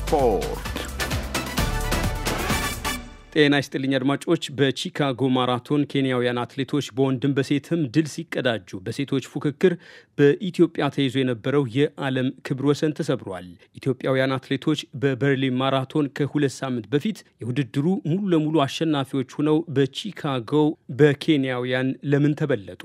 ስፖርት። ጤና ይስጥልኝ አድማጮች። በቺካጎ ማራቶን ኬንያውያን አትሌቶች በወንድም በሴትም ድል ሲቀዳጁ በሴቶች ፉክክር በኢትዮጵያ ተይዞ የነበረው የዓለም ክብር ወሰን ተሰብሯል። ኢትዮጵያውያን አትሌቶች በበርሊን ማራቶን ከሁለት ሳምንት በፊት የውድድሩ ሙሉ ለሙሉ አሸናፊዎች ሆነው በቺካጎ በኬንያውያን ለምን ተበለጡ?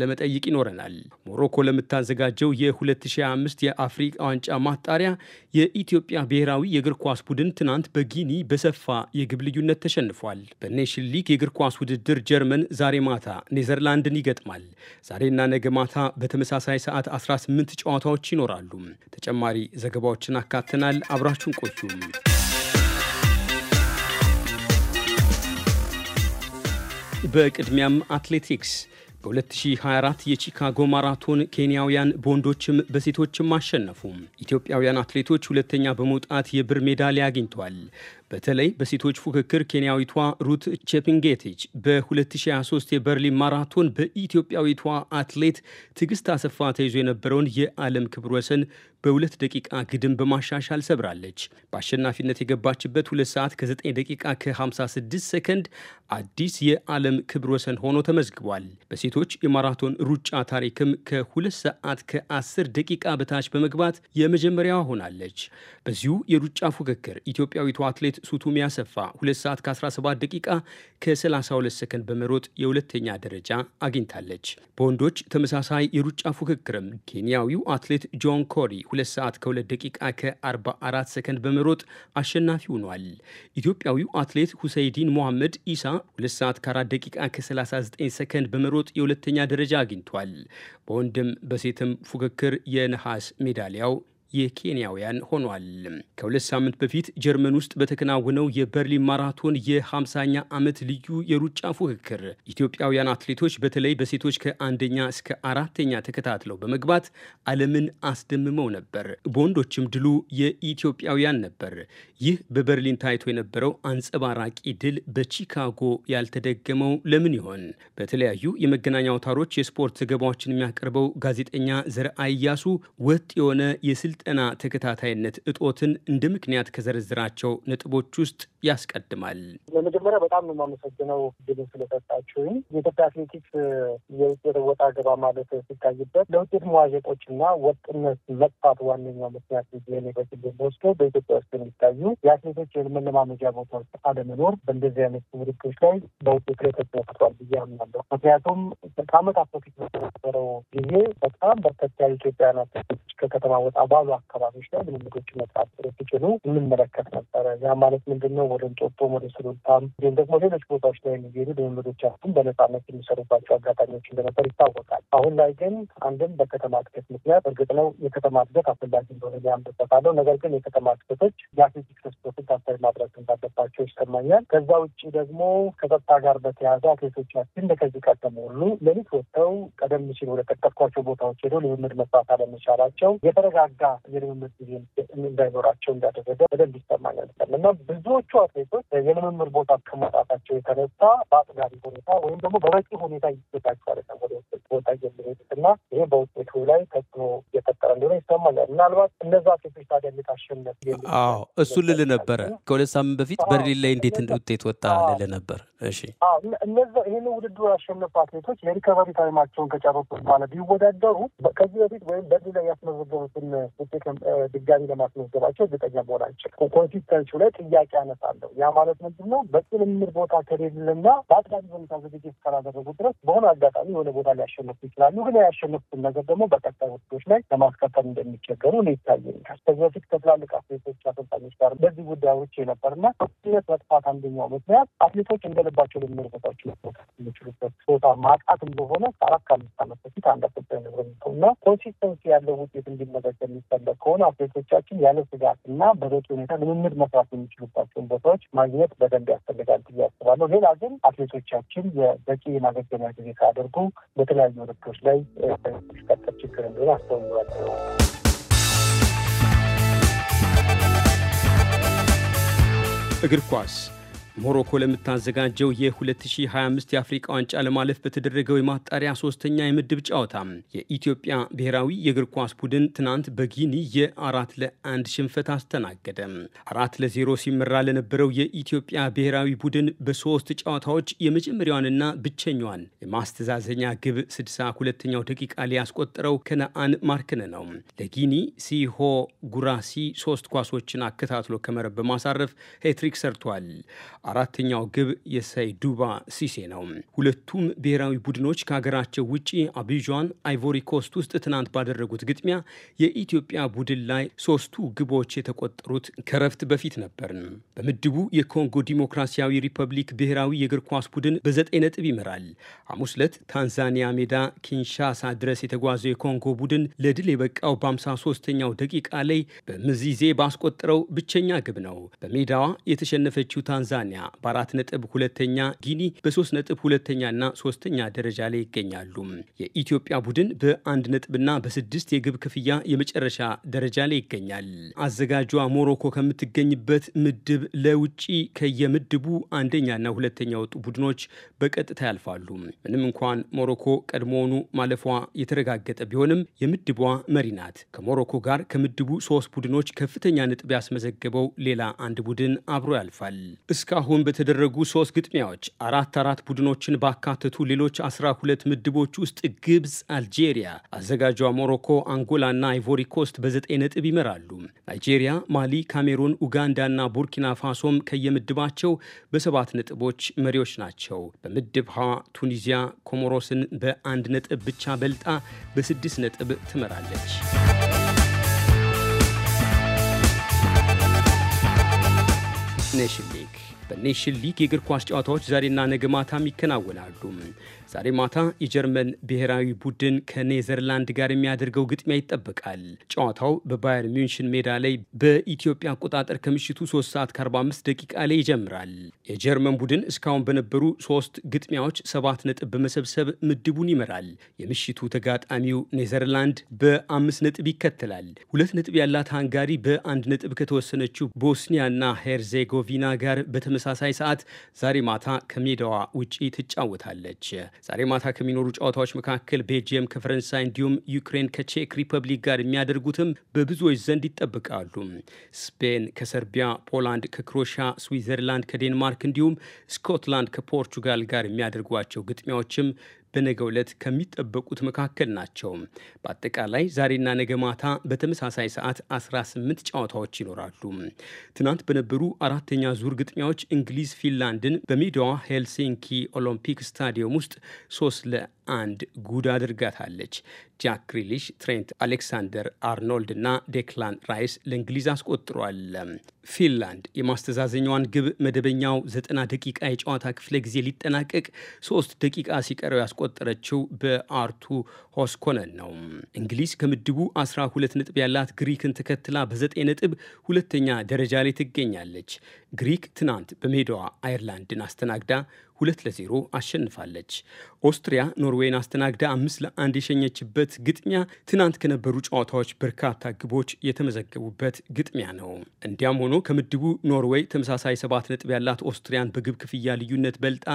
ለመጠይቅ ይኖረናል። ሞሮኮ ለምታዘጋጀው የ2025 የአፍሪቃ ዋንጫ ማጣሪያ የኢትዮጵያ ብሔራዊ የእግር ኳስ ቡድን ትናንት በጊኒ በሰፋ የግብ ልዩነት ተሸንፏል። በኔሽን ሊግ የእግር ኳስ ውድድር ጀርመን ዛሬ ማታ ኔዘርላንድን ይገጥማል። ዛሬና ነገ ማታ በተመሳሳይ ሰዓት 18 ጨዋታዎች ይኖራሉ። ተጨማሪ ዘገባዎችን አካተናል። አብራችሁን ቆዩም። በቅድሚያም አትሌቲክስ በ2024 የቺካጎ ማራቶን ኬንያውያን በወንዶችም በሴቶችም አሸነፉ። ኢትዮጵያውያን አትሌቶች ሁለተኛ በመውጣት የብር ሜዳሊያ አግኝተዋል። በተለይ በሴቶች ፉክክር ኬንያዊቷ ሩት ቼፕንጌቲች በ2023 የበርሊን ማራቶን በኢትዮጵያዊቷ አትሌት ትዕግስት አሰፋ ተይዞ የነበረውን የዓለም ክብር ወሰን በሁለት ደቂቃ ግድም በማሻሻል ሰብራለች። በአሸናፊነት የገባችበት ሁለት ሰዓት ከ9 ደቂቃ ከ56 ሰከንድ አዲስ የዓለም ክብር ወሰን ሆኖ ተመዝግቧል። በሴቶች የማራቶን ሩጫ ታሪክም ከሁለት ሰዓት ከ10 ደቂቃ በታች በመግባት የመጀመሪያዋ ሆናለች። በዚሁ የሩጫ ፉክክር ኢትዮጵያዊቷ አትሌት ሱቱሚ አሰፋ 2 ሰዓት ከ17 ደቂቃ ከ32 ሰከንድ በመሮጥ የሁለተኛ ደረጃ አግኝታለች። በወንዶች ተመሳሳይ የሩጫ ፉክክርም ኬንያዊው አትሌት ጆን ኮሪ 2 ሰዓት ከ2 ደቂቃ ከ44 ሰከንድ በመሮጥ አሸናፊ ሆኗል። ኢትዮጵያዊው አትሌት ሁሰይዲን ሞሐመድ ኢሳ 2 ሰዓት ከ4 ደቂቃ ከ39 ሰከንድ በመሮጥ የሁለተኛ ደረጃ አግኝቷል። በወንድም በሴትም ፉክክር የነሐስ ሜዳሊያው የኬንያውያን ሆኗል። ከሁለት ሳምንት በፊት ጀርመን ውስጥ በተከናወነው የበርሊን ማራቶን የ50ኛ ዓመት ልዩ የሩጫ ፉክክር ኢትዮጵያውያን አትሌቶች በተለይ በሴቶች ከአንደኛ እስከ አራተኛ ተከታትለው በመግባት ዓለምን አስደምመው ነበር። በወንዶችም ድሉ የኢትዮጵያውያን ነበር። ይህ በበርሊን ታይቶ የነበረው አንጸባራቂ ድል በቺካጎ ያልተደገመው ለምን ይሆን? በተለያዩ የመገናኛ አውታሮች የስፖርት ዘገባዎችን የሚያቀርበው ጋዜጠኛ ዘርአ እያሱ ወጥ የሆነ የስልት የስልጠና ተከታታይነት እጦትን እንደ ምክንያት ከዘረዝራቸው ነጥቦች ውስጥ ያስቀድማል። ለመጀመሪያ በጣም ነው የማመሰግነው ድልን ስለሰጣችሁኝ። የኢትዮጵያ አትሌቲክስ የውጤት ወጣ ገባ ማለት ሲታይበት ለውጤት መዋዠቆች እና ወጥነት መጥፋት ዋነኛው ምክንያት ኔ በግል ወስዶ በኢትዮጵያ ውስጥ የሚታዩ የአትሌቶች የመለማመጃ ቦታዎች አለመኖር በእንደዚህ አይነት ውድድሮች ላይ በውጤት ላይ ተጽዕኖ ፈጥሯል ብዬ አምናለሁ። ምክንያቱም ከአመት በፊት በነበረው ጊዜ በጣም በርከት ያሉ ኢትዮጵያውያን አትሌቶች ከከተማ ወጣ ባሉ አካባቢዎች ላይ ልምምዶች መስራት ሲችሉ እንመለከት ነበረ። ያ ማለት ምንድን ነው? ወደ እንጦጦ፣ ወደ ስሎታም እንዲሁም ደግሞ ሌሎች ቦታዎች ላይ የሚሄዱ ልምምዶቻችን በነፃነት የሚሰሩባቸው አጋጣሚዎች እንደነበር ይታወቃል። አሁን ላይ ግን አንድም በከተማ እድገት ምክንያት እርግጥ ነው የከተማ እድገት አስፈላጊ እንደሆነ ሊያምንበታለሁ። ነገር ግን የከተማ እድገቶች የአትሌቲክስ ስፖርትን ታሳቢ ማድረግ እንዳለባቸው ይሰማኛል። ከዛ ውጭ ደግሞ ከጸጥታ ጋር በተያያዘ አትሌቶቻችን ከዚህ ቀደም ሁሉ ሌሊት ወጥተው ቀደም ሲል ወደ ጠቀስኳቸው ቦታዎች ሄደው ልምምድ መስራት አለመቻላቸው የተረጋጋ የልምምድ ጊዜ እንዳይኖራቸው እንዳደረገ በደንብ ይሰማኛል እና ብዙዎቹ አትሌቶች የልምምድ ቦታ ከመውጣታቸው የተነሳ በአጥጋቢ ሁኔታ ወይም ደግሞ በበቂ ሁኔታ ይዘጋጁ አይደለም ወደ ውጤት ቦታ የሚሄዱት እና ይሄ በውጤቱ ላይ ተጽዕኖ እየፈጠረ እንደሆነ ይሰማኛል። ምናልባት እነዛ አትሌቶች ታዲያ ልታሸነፍ አዎ፣ እሱ ልል ነበረ ከሁለት ሳምንት በፊት በርሊን ላይ እንዴት ውጤት ወጣ ልል ነበር። እሺ፣ እነዛ ይህን ውድድሩ ያሸነፉ አትሌቶች የሪከቨሪ ታይማቸውን ከጨረሱ በኋላ ቢወዳደሩ ከዚህ በፊት ወይም በርሊን ላይ ያስመዘገቡትን ውጤት ድጋሚ ለማስመዝገባቸው እርግጠኛ መሆን አንችልም። ኮንሲስተንሲ ላይ ጥያቄ ያነሳ አለው። ያ ማለት ምንድን ነው? በቂ ልምምድ ቦታ ከሌለና በአጥቃቂ ሁኔታ ዝግጅት እስካላደረጉ ድረስ በሆነ አጋጣሚ የሆነ ቦታ ሊያሸንፉ ይችላሉ። ግን ያሸንፉትን ነገር ደግሞ በቀጣይ ውድዶች ላይ ለማስከተል እንደሚቸገሩ እኔ ይታየኛል። ከዚህ በፊት ከትላልቅ አትሌቶች አሰልጣኞች ጋር በዚህ ጉዳዮች የነበርና ነት መጥፋት አንደኛው ምክንያት አትሌቶች እንደልባቸው ልምር ቦታዎች መቦታት የሚችሉበት ቦታ ማጣት እንደሆነ ከአራት ከአምስት ዓመት በፊት አንድ አሰልጣኝ ነግረው እና ኮንሲስተንሲ ያለው ውጤት እንዲመዘገብ የሚፈለግ ከሆነ አትሌቶቻችን ያለ ስጋት እና በበቂ ሁኔታ ልምምድ መስራት የሚችሉባቸውን ቦታ ቦታዎች ማግኘት በደንብ ያስፈልጋል ብዬ አስባለሁ። ሌላ ግን አትሌቶቻችን የበቂ የማገገሚያ ጊዜ ሳያደርጉ በተለያዩ ውድድሮች ላይ የሚፈጠር ችግር እንደሆነ አስተውለዋለሁ። እግር ኳስ ሞሮኮ ለምታዘጋጀው የ2025 የአፍሪቃ ዋንጫ ለማለፍ በተደረገው የማጣሪያ ሶስተኛ የምድብ ጨዋታ የኢትዮጵያ ብሔራዊ የእግር ኳስ ቡድን ትናንት በጊኒ የአራት ለአንድ ሽንፈት አስተናገደ። አራት ለዜሮ ሲመራ ለነበረው የኢትዮጵያ ብሔራዊ ቡድን በሶስት ጨዋታዎች የመጀመሪያዋንና ብቸኛዋን የማስተዛዘኛ ግብ 62ኛው ደቂቃ ላይ ያስቆጠረው ከነአን ማርክነ ነው። ለጊኒ ሲሆ ጉራሲ ሶስት ኳሶችን አከታትሎ ከመረብ በማሳረፍ ሄትሪክ ሰርቷል። አራተኛው ግብ የሰይዱባ ሲሴ ነው። ሁለቱም ብሔራዊ ቡድኖች ከሀገራቸው ውጪ አቢዣን አይቮሪ ኮስት ውስጥ ትናንት ባደረጉት ግጥሚያ የኢትዮጵያ ቡድን ላይ ሶስቱ ግቦች የተቆጠሩት ከረፍት በፊት ነበር። በምድቡ የኮንጎ ዲሞክራሲያዊ ሪፐብሊክ ብሔራዊ የእግር ኳስ ቡድን በዘጠኝ ነጥብ ይመራል። ሐሙስ ዕለት ታንዛኒያ ሜዳ ኪንሻሳ ድረስ የተጓዘው የኮንጎ ቡድን ለድል የበቃው በ53ኛው ደቂቃ ላይ በምዚዜ ባስቆጠረው ብቸኛ ግብ ነው። በሜዳዋ የተሸነፈችው ታንዛኒያ ታንዛኒያ በአራት ነጥብ ሁለተኛ፣ ጊኒ በሶስት ነጥብ ሁለተኛና ሶስተኛ ደረጃ ላይ ይገኛሉ። የኢትዮጵያ ቡድን በአንድ ነጥብና በስድስት የግብ ክፍያ የመጨረሻ ደረጃ ላይ ይገኛል። አዘጋጇ ሞሮኮ ከምትገኝበት ምድብ ለውጪ ከየምድቡ አንደኛና ሁለተኛ የወጡ ቡድኖች በቀጥታ ያልፋሉ። ምንም እንኳን ሞሮኮ ቀድሞውኑ ማለፏ የተረጋገጠ ቢሆንም የምድቧ መሪ ናት። ከሞሮኮ ጋር ከምድቡ ሶስት ቡድኖች ከፍተኛ ነጥብ ያስመዘገበው ሌላ አንድ ቡድን አብሮ ያልፋል። እስካሁን እስካሁን በተደረጉ ሶስት ግጥሚያዎች አራት አራት ቡድኖችን ባካተቱ ሌሎች 12 ምድቦች ውስጥ ግብፅ፣ አልጄሪያ፣ አዘጋጇ ሞሮኮ፣ አንጎላና አይቮሪ ኮስት በዘጠኝ ነጥብ ይመራሉ። ናይጄሪያ፣ ማሊ፣ ካሜሩን፣ ኡጋንዳና ቡርኪና ፋሶም ከየምድባቸው በሰባት ነጥቦች መሪዎች ናቸው። በምድብ ሀ ቱኒዚያ ኮሞሮስን በአንድ ነጥብ ብቻ በልጣ በስድስት ነጥብ ትመራለች። ኔሽን ሊግ በኔሽን ሊግ የእግር ኳስ ጨዋታዎች ዛሬና ነገ ማታም ይከናወናሉ። ዛሬ ማታ የጀርመን ብሔራዊ ቡድን ከኔዘርላንድ ጋር የሚያደርገው ግጥሚያ ይጠበቃል። ጨዋታው በባየር ሚንሽን ሜዳ ላይ በኢትዮጵያ አቆጣጠር ከምሽቱ 3 ሰዓት ከ45 ደቂቃ ላይ ይጀምራል። የጀርመን ቡድን እስካሁን በነበሩ ሶስት ግጥሚያዎች ሰባት ነጥብ በመሰብሰብ ምድቡን ይመራል። የምሽቱ ተጋጣሚው ኔዘርላንድ በአምስት ነጥብ ይከተላል። ሁለት ነጥብ ያላት ሃንጋሪ በአንድ ነጥብ ከተወሰነችው ቦስኒያና ሄርዜጎቪና ጋር በተመሳሳይ ሰዓት ዛሬ ማታ ከሜዳዋ ውጪ ትጫወታለች። ዛሬ ማታ ከሚኖሩ ጨዋታዎች መካከል ቤልጅየም ከፈረንሳይ እንዲሁም ዩክሬን ከቼክ ሪፐብሊክ ጋር የሚያደርጉትም በብዙዎች ዘንድ ይጠበቃሉ። ስፔን ከሰርቢያ፣ ፖላንድ ከክሮሻ፣ ስዊዘርላንድ ከዴንማርክ እንዲሁም ስኮትላንድ ከፖርቹጋል ጋር የሚያደርጓቸው ግጥሚያዎችም በነገ ዕለት ከሚጠበቁት መካከል ናቸው። በአጠቃላይ ዛሬና ነገ ማታ በተመሳሳይ ሰዓት 18 ጨዋታዎች ይኖራሉ። ትናንት በነበሩ አራተኛ ዙር ግጥሚያዎች እንግሊዝ ፊንላንድን በሜዳዋ ሄልሲንኪ ኦሎምፒክ ስታዲየም ውስጥ ሶስት ለ አንድ ጉድ አድርጋታለች። ጃክ ግሪሊሽ፣ ትሬንት አሌክሳንደር አርኖልድ እና ዴክላን ራይስ ለእንግሊዝ አስቆጥሯል። ፊንላንድ የማስተዛዘኛዋን ግብ መደበኛው ዘጠና ደቂቃ የጨዋታ ክፍለ ጊዜ ሊጠናቀቅ ሶስት ደቂቃ ሲቀረው ያስቆጠረችው በአርቱ ሆስኮነን ነው። እንግሊዝ ከምድቡ 12 ነጥብ ያላት ግሪክን ተከትላ በ9 ነጥብ ሁለተኛ ደረጃ ላይ ትገኛለች። ግሪክ ትናንት በሜዳዋ አይርላንድን አስተናግዳ ሁለት ለዜሮ አሸንፋለች። ኦስትሪያ ኖርዌይን አስተናግዳ አምስት ለአንድ የሸኘችበት ግጥሚያ ትናንት ከነበሩ ጨዋታዎች በርካታ ግቦች የተመዘገቡበት ግጥሚያ ነው። እንዲያም ሆኖ ከምድቡ ኖርዌይ ተመሳሳይ ሰባት ነጥብ ያላት ኦስትሪያን በግብ ክፍያ ልዩነት በልጣ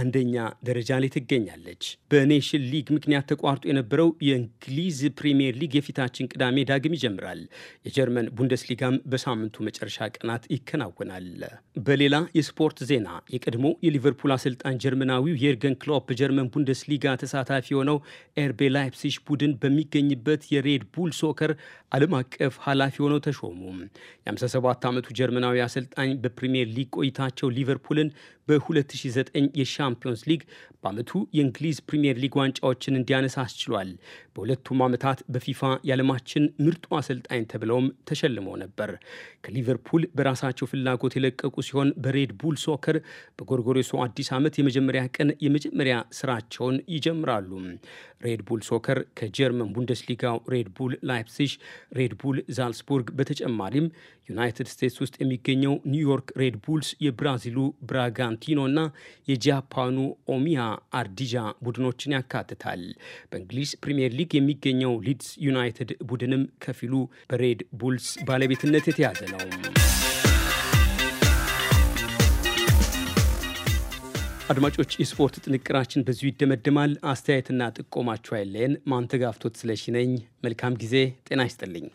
አንደኛ ደረጃ ላይ ትገኛለች። በኔሽን ሊግ ምክንያት ተቋርጦ የነበረው የእንግሊዝ ፕሪምየር ሊግ የፊታችን ቅዳሜ ዳግም ይጀምራል። የጀርመን ቡንደስሊጋም በሳምንቱ መጨረሻ ቀናት ይከናወናል። በሌላ የስፖርት ዜና የቀድሞ የሊቨርፑል ባለስልጣን ጀርመናዊው የርገን ክሎፕ በጀርመን ቡንደስሊጋ ተሳታፊ የሆነው ኤርቤ ላይፕሲሽ ቡድን በሚገኝበት የሬድ ቡል ሶከር ዓለም አቀፍ ኃላፊ ሆነው ተሾሙ። የ57 ዓመቱ ጀርመናዊ አሰልጣኝ በፕሪምየር ሊግ ቆይታቸው ሊቨርፑልን በ2009 የሻምፒዮንስ ሊግ በዓመቱ የእንግሊዝ ፕሪምየር ሊግ ዋንጫዎችን እንዲያነሳ አስችሏል። በሁለቱም ዓመታት በፊፋ የዓለማችን ምርጡ አሰልጣኝ ተብለውም ተሸልመው ነበር። ከሊቨርፑል በራሳቸው ፍላጎት የለቀቁ ሲሆን በሬድ ቡል ሶከር በጎርጎሬሶ አዲስ የአዲስ ዓመት የመጀመሪያ ቀን የመጀመሪያ ስራቸውን ይጀምራሉ። ሬድቡል ሶከር ከጀርመን ቡንደስሊጋው ሬድቡል ላይፕሲሽ፣ ሬድቡል ዛልስቡርግ በተጨማሪም ዩናይትድ ስቴትስ ውስጥ የሚገኘው ኒውዮርክ ሬድቡልስ፣ የብራዚሉ ብራጋንቲኖ እና የጃፓኑ ኦሚያ አርዲጃ ቡድኖችን ያካትታል። በእንግሊዝ ፕሪምየር ሊግ የሚገኘው ሊድስ ዩናይትድ ቡድንም ከፊሉ በሬድ ቡልስ ባለቤትነት የተያዘ ነው። አድማጮች፣ የስፖርት ጥንቅራችን በዚሁ ይደመድማል። አስተያየትና ጥቆማችሁ አይለየን። ማንተጋፍቶት ስለሽነኝ መልካም ጊዜ። ጤና ይስጥልኝ።